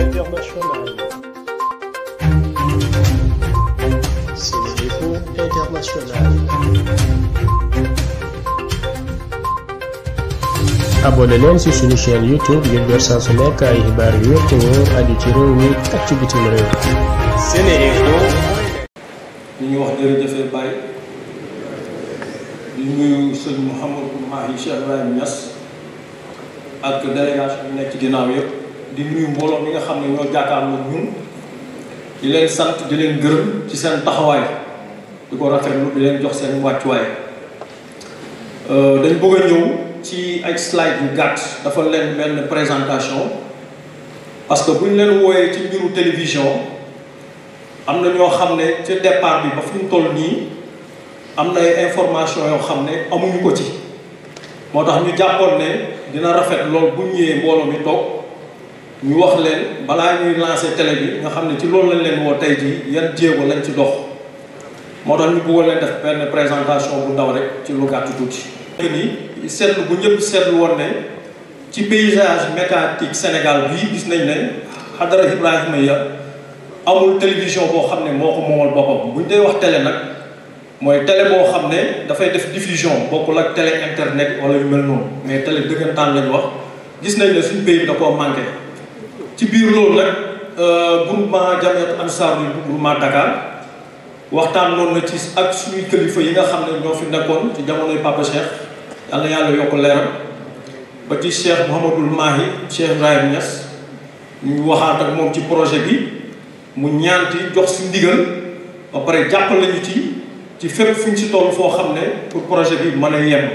international. Sénéinfo International. abonné leen ci suñu chaîne YouTube ngir jot saa su nekk ay xibaar yu wér te wóor aju ci réew mi ak ci bitim réew. Sénéinfo. ñu ngi wax jërëjëf Baye. di nuyu sëñ Mouhamadou Mahi Cheikh Ibrahim Niass ak délégation bi nekk ci ginnaaw yëpp. di nuyu mbooloo mi nga xam ne ñoo jàkkaarloo ñun di leen sant di leen gërëm ci seen taxawaay di ko rafetlu di leen jox seen wàccuwaay euh, dañ bëgg a ñëw ci ay slide yu gàtt dafa leen benn présentation parce que bu ñu leen wooyee ci mbiru télévision am na ñoo xam ne ci départ bi ba fi ñu toll nii am na information yoo xam ne amuñu ko ci moo tax ñu jàppoon ne dina rafet lool bu ñëwee mbooloo mi toog ñu wax leen balaa ñuy lancer télé bi nga xam ne ci loolu lañ leen woo tey jii yan jéego lañ ci dox moo tax ñu bëggoon leen def benn présentation bu ndaw rek ci lu gàtt tuuti. nii seetlu bu ñëpp seetlu woon ne ci paysage médiatique Sénégal bii gis nañ ne Hadara Ibrahima ya amul télévision boo xam ne moo ko moomal boppam ñu dee wax télé nag mooy tele boo xam ne dafay def diffusion bokkul ak tele internet wala yu mel noonu mais télé dëggantaan lañ wax gis nañ ne suñ pays bi da koo manqué. ci biir loolu nag euh, groupement Jamiyatou Ansarou bu groupement Dakar waxtaan loolu na ci ak suñuy kilifa yi nga xam ne ñoo fi nekkoon ci jamonoy Papa Cheikh yàlla yàlla yokk leeram ba ci Cheikh Mouhamadul Mahi Cheikh Ibrahim Niass ñu waxaat ak moom ci projet bi mu ñaanti jox si ndigal ba pare jàppal lañu ci ci fépp fu ñu si toll foo xam ne pour projet bi mën a yem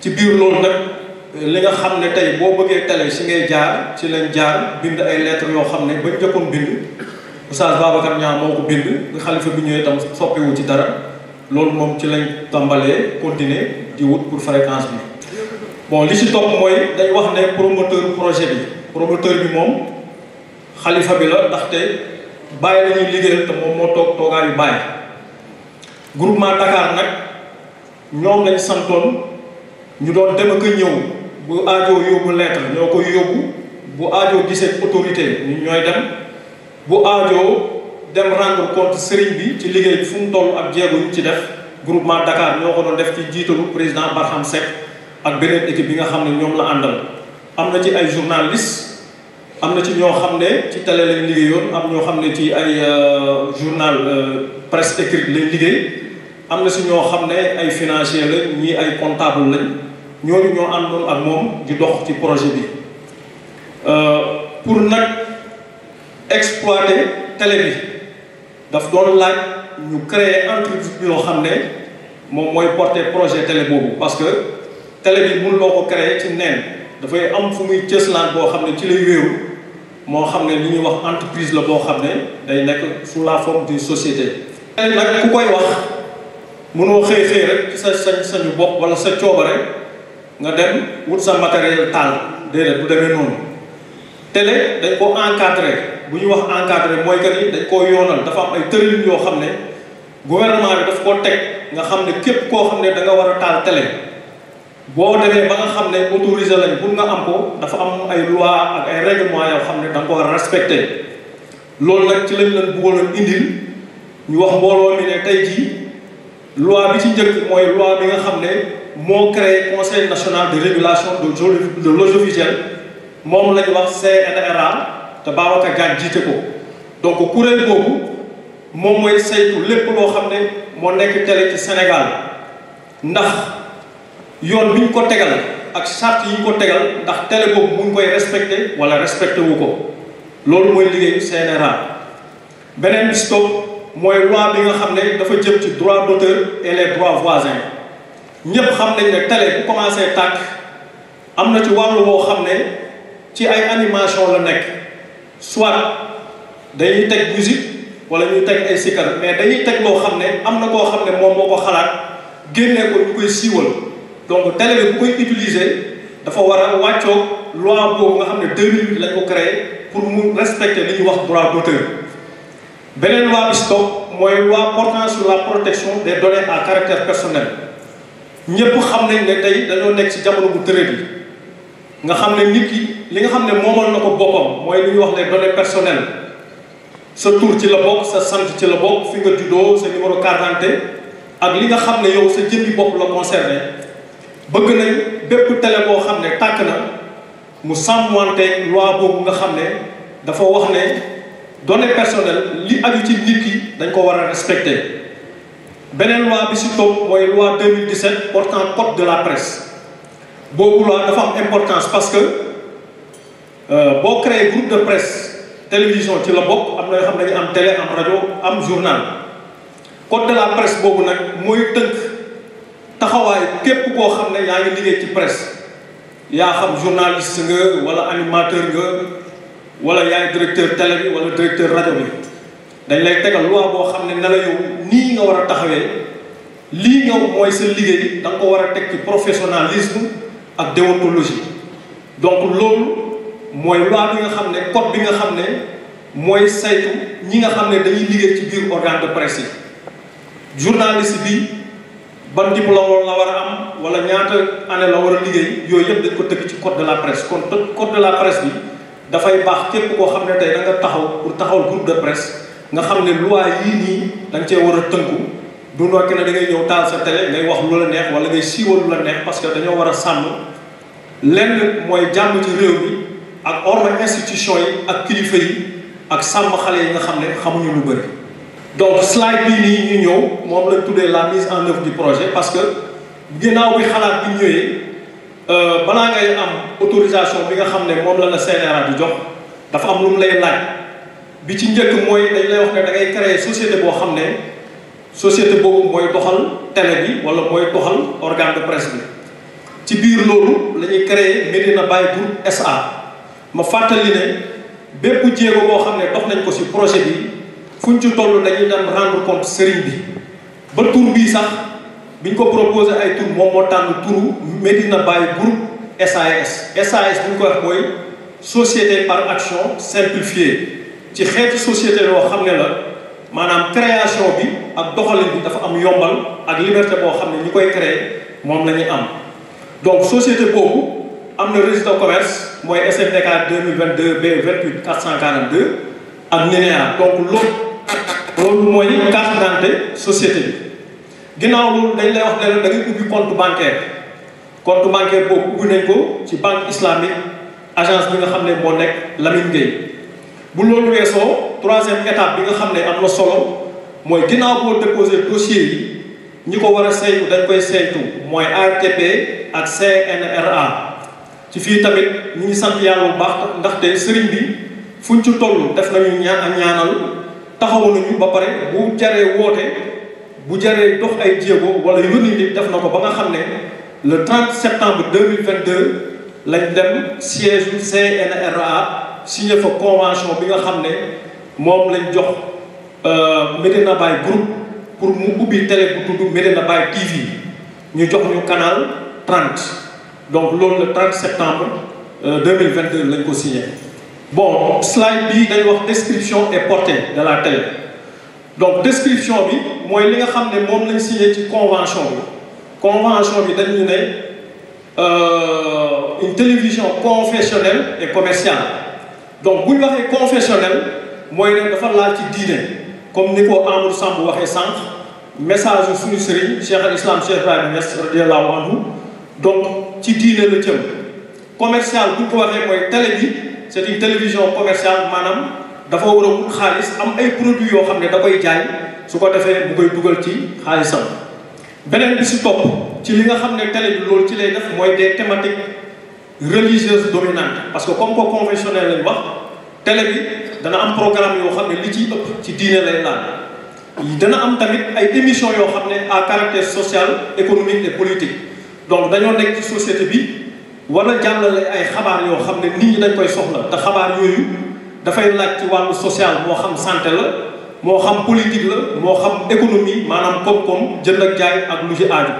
ci biir loolu nag li nga xam ne tey boo bëggee télé si ngay jaar ci lañ jaar bind ay lettres yoo xam ne bañ njëkkoon bind Oustaz Babacar Niang moo ko bind nga xalifa bi ñëwee tam soppiwu ci dara loolu moom ci lañ tàmbalee continuer di wut pour fréquence bi bon li si topp mooy dañ wax ne promoteur projet bi promoteur bi moom xalifa bi la ndaxte bàyyi lañuy ñuy liggéeyal te moom moo toog toogaayu bàyyi groupement Dakar nag ñoom lañ santoon ñu doon dem ak ñëw bu aajoo yóbbu lettre ñoo koy yóbbu bu aajoo gisee autorité ñun ñooy dem bu aajoo dem rendre compte sëriñ bi ci liggéey fu mu toll ak jéego ci def groupement Dakar ñoo ko doon def ci jiitalu président Barham Seck ak beneen équipe bi nga xam ne ñoom la àndal am na ci ay journalistes am na ci ñoo xam ne ci tele lañ liggéeyoon am ñoo xam ne ci ay euh, journal euh, presse écrite lañ liggéey am na si ñoo xam ne ay financier la ñii ay comptable lañ ñooñu ñoo àndoon ak moom di dox ci projet bi euh, pour nag exploité télé bi daf doon laaj ñu créer entreprise bi noo xam ne moom mooy porter projet télé boobu parce que télé bi mun loo ko créer ci neen dafay am fu muy cëslaan boo xam ne ci lay wéeru moo xam ne li ñuy wax entreprise la boo xam ne day nekk su laa forme d'une société télé nag ku koy wax mënoo xëy xëy rek sa sañ sañu bopp wala sa coobare nga dem wut sa matériel taal déedéet bu demee noonu télé dañ ko encadré bu ñu wax encadré mooy que ni dañ koo yoonal dafa am ay tëralin yoo xam ne gouvernement yi daf koo teg nga xam ne képp koo xam ne da war a taal télé boo demee ba nga xam ne autorisé lañ pour nga am ko dafa am ay loi ak ay règlement yoo xam ne da nga ko war a respecté loolu nag ci lañ leen bëggoon indi indil ñu wax mbooloo mi ne tey jii loi bi ci njëkk mooy loi bi nga xam ne moo créé conseil national de régulation de de l'audiovisuel moom la ñu wax CNRA te Babacar Gaye jiite ko donc kuréel boobu moom mooy saytu lépp loo xam ne moo nekk tele ci Sénégal ndax yoon bi ko tegal ak charte yi ñu ko tegal ndax télé boobu mu koy respecté wala respecté wu ko loolu mooy liggéeyu CNRA beneen bi mooy loi bi nga xam ne dafa jëm ci droit d'auteur et les droits voisins ñépp xam nañ ne télé bu commencé tàkk am na ci wàllu woo xam ne ci ay animation la nekk soit dañuy teg musique wala ñuy teg ay sikar mais dañuy teg loo xam ne am na koo xam ne moom moo ko xalaat génnee ko ñu koy siiwal donc télé bi bu koy utiliser dafa war a wàccoog loi boobu nga xam ne 2008 lañ ko créé pour mu respecter li ñuy wax droit d'auteur beneen loi bi mooy loi portant sur la protection des données à caractère personnel ñëpp xam nañ ne tey dañoo nekk ci jamono bu tërëb yi nga xam ne nit ki li nga xam ne moomal na ko boppam mooy li ñuy wax les données personnelles sa tur ci la bokk sa sant ci la bokk fi nga juddoo sa numéro carte ak li nga xam ne yow sa jëmmi bopp la concerné bëgg nañ bépp télé boo xam ne tàkk na mu sàmmante loi boobu nga xam ne dafa wax ne. données personnelles li aju ci nit ki dañ ko war a respecter beneen loi bi si topp mooy loi 2017 portant code de la presse boobu loi dafa am importance parce que euh, boo créé groupe de presse télévision ci la bokk am na yoo xam ne dañu am télé am rajo am journal code de la presse boobu nag mooy tënk taxawaay képp koo xam ne yaa ngi liggéey ci presse yaa xam journaliste nga wala animateur nga wala yaay directeur télé bi wala directeur rajo bi dañ lay tegal loi boo xam ne na yow nii ñi nga war a taxawee lii nga mooy sa liggéey da ko war a teg ci professionnalisme ak déontologie donc loolu mooy loi bi nga xam ne code bi nga xam ne mooy saytu ñi nga xam ne dañuy liggéey ci biir organe de presse yi journaliste bi ban diplôme la war a am wala ñaata année la war a liggéey yooyu yëpp dañ ko tëgg ci code de la presse kon code de la presse bi dafay baax képp koo xam ne tey da nga taxaw pour taxawal groupe de presse nga xam ne loi yii nii da cee war a tënku du ndokk ne dangay ñëw taal sa télé ngay wax lu la neex wala ngay siiwal lu la neex parce que dañoo war a sàmm lenn mooy jàmm ci réew bi ak ordre institution yi ak kilifa yi ak sàmm xale yi nga xam ne xamuñu lu bëri. donc slide bii nii ñu ñëw moom la tuddee la mise en œuvre du projet parce que ginnaaw bi xalaat bi ñëwee. Euh, balaa ngay am autorisation bi nga xam ne moom la la CNRA bi jox dafa am lu mu lay laaj bi ci njëkk mooy dañ lay wax ne da ngay créer société boo xam ne société boobu mooy doxal télé bi wala mooy doxal organe de presse bi ci biir loolu créer ñuy créer Medina Baye Group SA ma fàttali ne bépp jéego boo xam ne dox nañ ko ci projet bi fu ñu ci toll dañuy dem rendre compte sëriñ bi ba tur bii sax. biñ ko proposé ay tur moom moo tànn turu na Baye groupe SAS SAS bu ñu ko wax mooy société par action simplifiée ci xeetu société loo xam ne la maanaam création bi ak doxalin bi dafa am yombal ak liberté boo xam ne ñu koy créer moom la ñuy am donc société boobu am na registre de commerce mooy deux vingt SMDK 2022 B 28 442 ak NINEA donc loolu loolu mooy carte d'identité société bi ginnaaw loolu dañ lay wax ne la da ngay ubbi compte bancaire compte bancaire boobu ubbi nañ ko ci banque islamique agence bi nga xam ne boo nekk Lamine Gueye bu loolu weesoo troisième étape bi nga xam ne am na solo mooy ginnaaw boo déposé dossier yi ñi ko war a saytu dañ koy saytu mooy ARTP ak CNRA ci fii tamit ñu ngi sant yàlla bu baax ndaxte sëriñ bi fuñ ci toll def nañu ñaan ak ñaanal taxawu ba pare bu jaree woote. bu jaree dox ay jéego wala yónni nit def na ko ba nga xam ne le 30 septembre 2022 lañ dem siège u CNRA signé fa convention bi nga xam ne moom lañ jox euh, Medina Baye groupe pour mu ubbi télé bu tudd Medina Baye TV ñu jox ñu canal 30 donc loolu le 30 septembre 2022 euh, lañ ko signé bon slide bi dañ wax description et portée de la télé donc description bi mooy li nga xam ne moom lañ signé ci convention bi convention bi dañu ne euh, une télévision confessionnelle et commerciale donc bu ñu waxee confessionnelle mooy ne dafa laal ci diine comme ni ko Amadou Samb waxee sànq message yu suñu sëriñ Cheikh al Islam Cheikh Ibrahima Niass radiyallahu anhu donc ci diine la jëm commercial bu ko waxee mooy télé bi c'est une télévision commerciale maanaam. dafa war a wut xaalis am ay produits yoo xam ne da koy jaay su ko defee bu koy dugal ci xaalisam beneen bi si topp ci li nga xam ne télé bi loolu ci lay def mooy des thématiques religieuses dominantes parce que comme ko conventionnel lañ wax télé bi dana am programme yoo xam ne li ci ëpp ci diine lay naan dana am tamit ay émissions yoo xam ne à caractère social économique et politique donc dañoo nekk ci société bi wala jàllale ay xabaar yoo xam ne nit ñi dañ koy soxla te xabaar yooyu dafay laaj ci wàllu social moo xam sante la moo xam politique la moo xam économie maanaam koom-koom jënd ak jaay ak lu ci aaju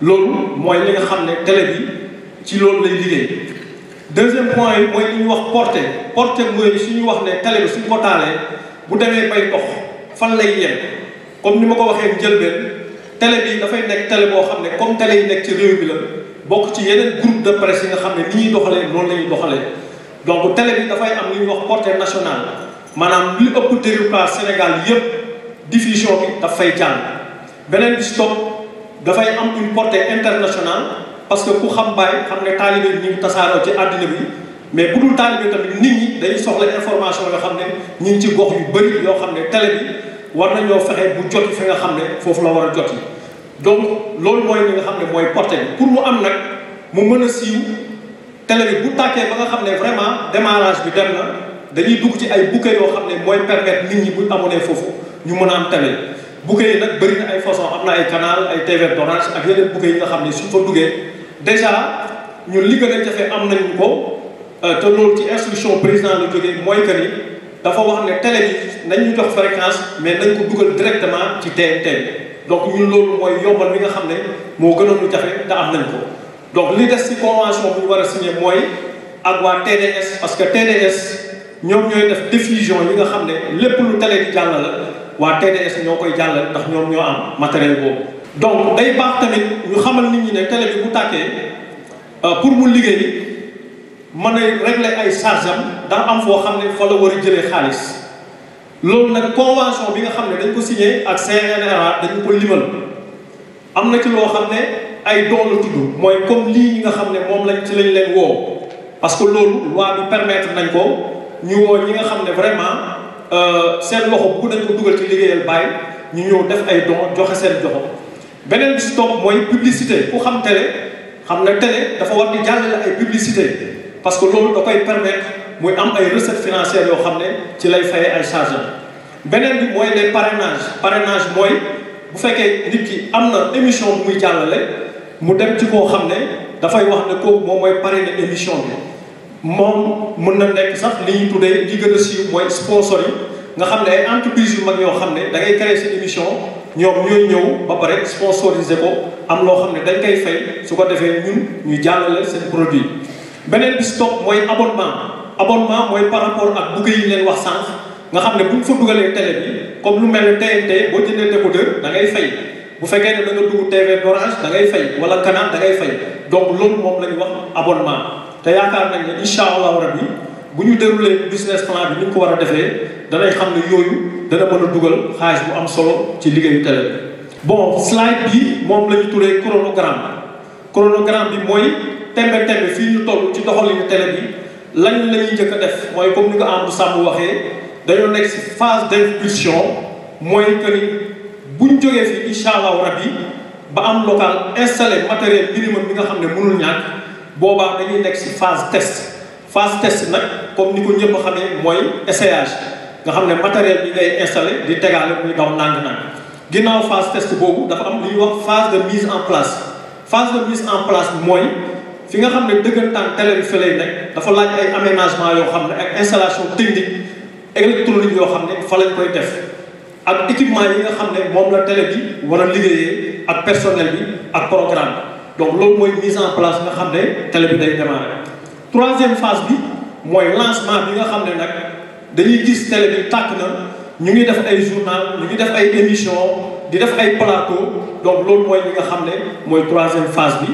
loolu mooy li nga xam ne télé bi ci loolu lay liggéey. deuxième point yi mooy li ñu wax porté porté mooy suñu wax ne tele bi suñ ko taalee bu demee bay dox fan lay yem comme ni ma ko waxee njëlbeen télé bi dafay nekk télé boo xam ne comme télé yi nekk ci réew bi la bokk ci yeneen groupe de presse yi nga xam ne li ñuy doxalee loolu la ñuy donc télé bi dafay am lu ñuy wax portée nationale maanaam li ëpp territoire Sénégal yépp diffusion bi daf fay jàng beneen bi si dafay am une portée internationale parce que ku xam Baye xam ne taalibe bi ñu ci àddina bi mais bu dul tamit nit ñi dañuy soxla information yoo xam ne ñu ngi ci gox yu bëri yoo xam ne télé bi war nañoo fexe bu jot fi nga xam ne foofu la war a jot yi donc loolu mooy li nga xam ne mooy portée pour mu am nag mu mën a siiw télé bi bu tàkkee ba nga xam ne vraiment démarrage bi dem na dañuy dugg ci ay bouquet yoo xam ne mooy permettre nit ñi bu abonné foofu ñu mën a am tamit bouquet yi nag bëri na ay façon am na ay canal ay TV d'Orange ak yeneen bouquet yi nga xam ne suñ fa duggee déjà ñun li gën a jafe am nañu ko euh, te loolu ci instruction président la jógee mooy que ni dafa wax ne télé bi jox fréquence mais nañ ko dugal directement ci TNT donc ñun loolu mooy yombal bi nga xam ne moo gënoon lu jafe te am nañ ko. donc li des ci convention bu war a signé mooy ak waa TDS parce que TDS ñoom ñooy def diffusion yi nga xam ne lépp lu télé di jàll la waa TDS ñoo koy jàllale ndax ñoom ñoo am matériel boobu. donc day baax tamit ñu xamal nit ñi ne télé bi bu tàkkee euh, pour mu liggéey mën a régler ay charge am am foo xam ne foo la war a jëlee xaalis loolu nag convention bi nga xam ne dañ ko signé ak CNRA dañu ko limal am na ci loo xam ne. ay tool la tudd mooy comme lii ñi nga xam ne moom lañ ci lañ leen woo parce que loolu loi bi permettre nañ koo ñu woo ñi nga xam ne vraiment euh, seen loxo bu dañ ko dugal ci liggéeyal bàyyi ñu ñëw def ay don joxe seen joxo beneen bi si topp mooy publicité ku xam télé xam ne télé dafa war di jàllale ay publicité parce que loolu da koy permettre muy am ay recettes financières yoo xam ne ci lay fayee ay charges beneen bi mooy les parrainages parrainage mooy bu fekkee nit ki am na émission bu muy mu dem ci koo xam ne dafay wax ne kooku moom mooy pare na émission bi moom mën na nekk sax li ñu tuddee li gën a siiw mooy sponsor yi nga xam ne ay entreprise yu mag ñoo xam ne da ngay créer seen émission ñoom ñooy ñëw ba pare sponsorisé ko am loo xam ne dañ koy fay su ko defee ñun ñu jàllale seen produit beneen bi si topp mooy abonnement abonnement mooy par rapport ak bugg yi leen wax sànq nga xam ne bu ñu fa dugalee télé bi comme lu mel ne TNT boo jëndee décodeur da ngay fay bu fekkee ne da nga dugg TV Orange da ngay wala Canal da ngay fay loolu moom la wax abonnement te yaakaar nañ ne incha allahu rabbi bu ñu déroulé business plan bi ni ñu ko war a defee danay xam ne yooyu dana mën a dugal xaalis bu am solo ci liggéeyu télé bi. bon slide bi moom la ñu tuddee chronogramme chronogramme bi mooy tembe tembe fii ñu toll ci doxalinu télé bi lañ la ñuy njëkk a def mooy comme ni ko Amadou Samb waxee dañoo nekk si phase d' impulsion mooy que buñ jógee fii incha allahu rabbi ba am local installé matériel minimum bi nga xam ne mënul ñàkk boobaa dañuy nekk si phase test phase test nag comme ni ko xam xamee mooy essayage nga xam ne matériel bi ngay installé di tegaale muy daw nang nang ginnaaw phase test boobu dafa am li ñuy wax phase de mise en place phase de mise en place bi mooy fi nga xam ne dëggantaan télé bi lay nekk dafa laaj ay aménagement yoo xam ne ak installation technique électronique yoo xam ne fa lañ koy def ak équipement yi nga xam ne moom la télé bi war a liggéeyee ak personnel bi ak programme bi donc loolu mooy mise en place nga xam ne télé bi day démarrer. troisième phase bi mooy lancement bi nga xam ne nag dañuy gis télé bi tàkk na ñu ngi def ay journal ñu ngi def ay émission di def ay plateau donc loolu mooy li nga xam ne mooy troisième phase bi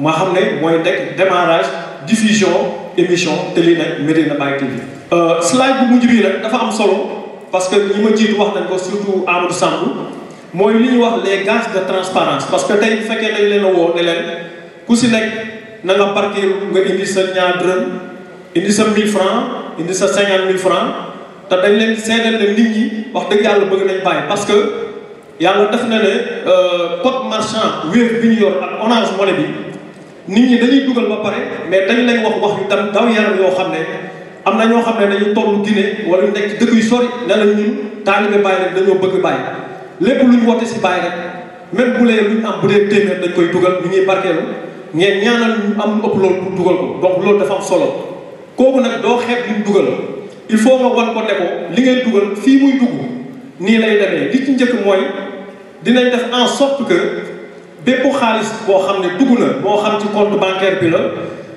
ma xam ne mooy nekk démarrage diffusion émission te lii nag Médina Baye TV. Euh, slide bu mujj bii rek dafa am solo. parce que ñi ma jiitu wax nañ ko surtout Amadou Samb mooy li ñuy wax les gages de transparence parce que tey bu fekkee dañ leen woo ne ku si nekk na nga partir nga indi sa ñaar dërëm indi sa 1000 francs indi sa 50 mille francs te dañ leen seedeel ne nit ñi wax dëgg yàlla bëgg nañ bàyyi parce que yàlla def na ne euh, code marchand Wave bi ñu yor ak Orange Money bi nit ñi dañuy dugal ba pare mais dañ leen wax wax yu tam daw yaram yoo xam ne am na ñoo xam ne dañu toll Guinée wala ñu nekk ci dëkk yu sori ne la ñun ñu Baay rek dañoo bëgg Baay lépp lu ñu woote si Baay rek même bu lee lu ñu am bu dee téeméer dañ koy dugal ñu ñuy barkeelu ngeen ñaanal ñu am ëpp loolu pour dugal ko donc loolu dafa am solo kooku nag doo xeeb li mu dugal il faut nga wan ko ne ko li ngay dugal fii muy dugg nii lay demee li ci njëkk mooy dinañ def en sorte que bépp xaalis boo xam ne dugg na moo xam ci compte bancaire bi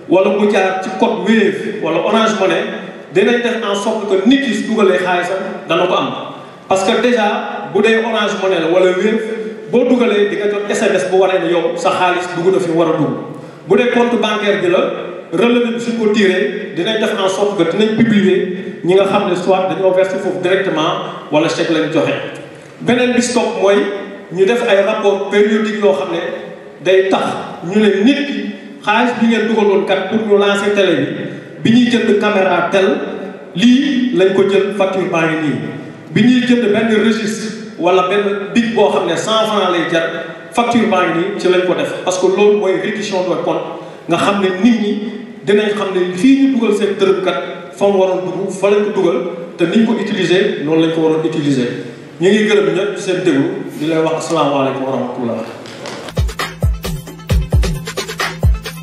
wala mu jaar ci code Wave wala Orange Money dinañ def en sorte que nit yi su dugalee xaalisam dana ko am parce que déjà bu dee Orange Money la wala Wave boo dugalee di nga jot SMS bu waree ne yow sa xaalis dugg na fi war a dugg bu dee compte bancaire bi la relevé bi suñ ko tiré dinañ def en sorte que dinañ publier ñi nga xam ne soit dañoo versé foofu directement wala chèque lañ joxe. beneen bi stop mooy ñu def ay rapport périodique yoo xam ne day tax ñu ne nit ki xaalis bi ngeen dugaloon kat pour ñu lancer télé bi bi ñuy jënd caméra tel lii lañ ko jël facture baa ngi nii bi ñuy jënd benn registre wala benn dig boo xam ne cent franc lay jar facture baa ngi nii ci lañ ko def parce que loolu mooy réduction de compte nga xam ne nit ñi dinañ xam ne fii ñu dugal seen dërëm kat fa mu waroon dugg fa lañ ko dugal te niñ ko utiliser noonu lañ ko war a utiliser ñu ngi gërëm ñëpp seen déglu di lay wax asalaamaaleykum wa rahmatullah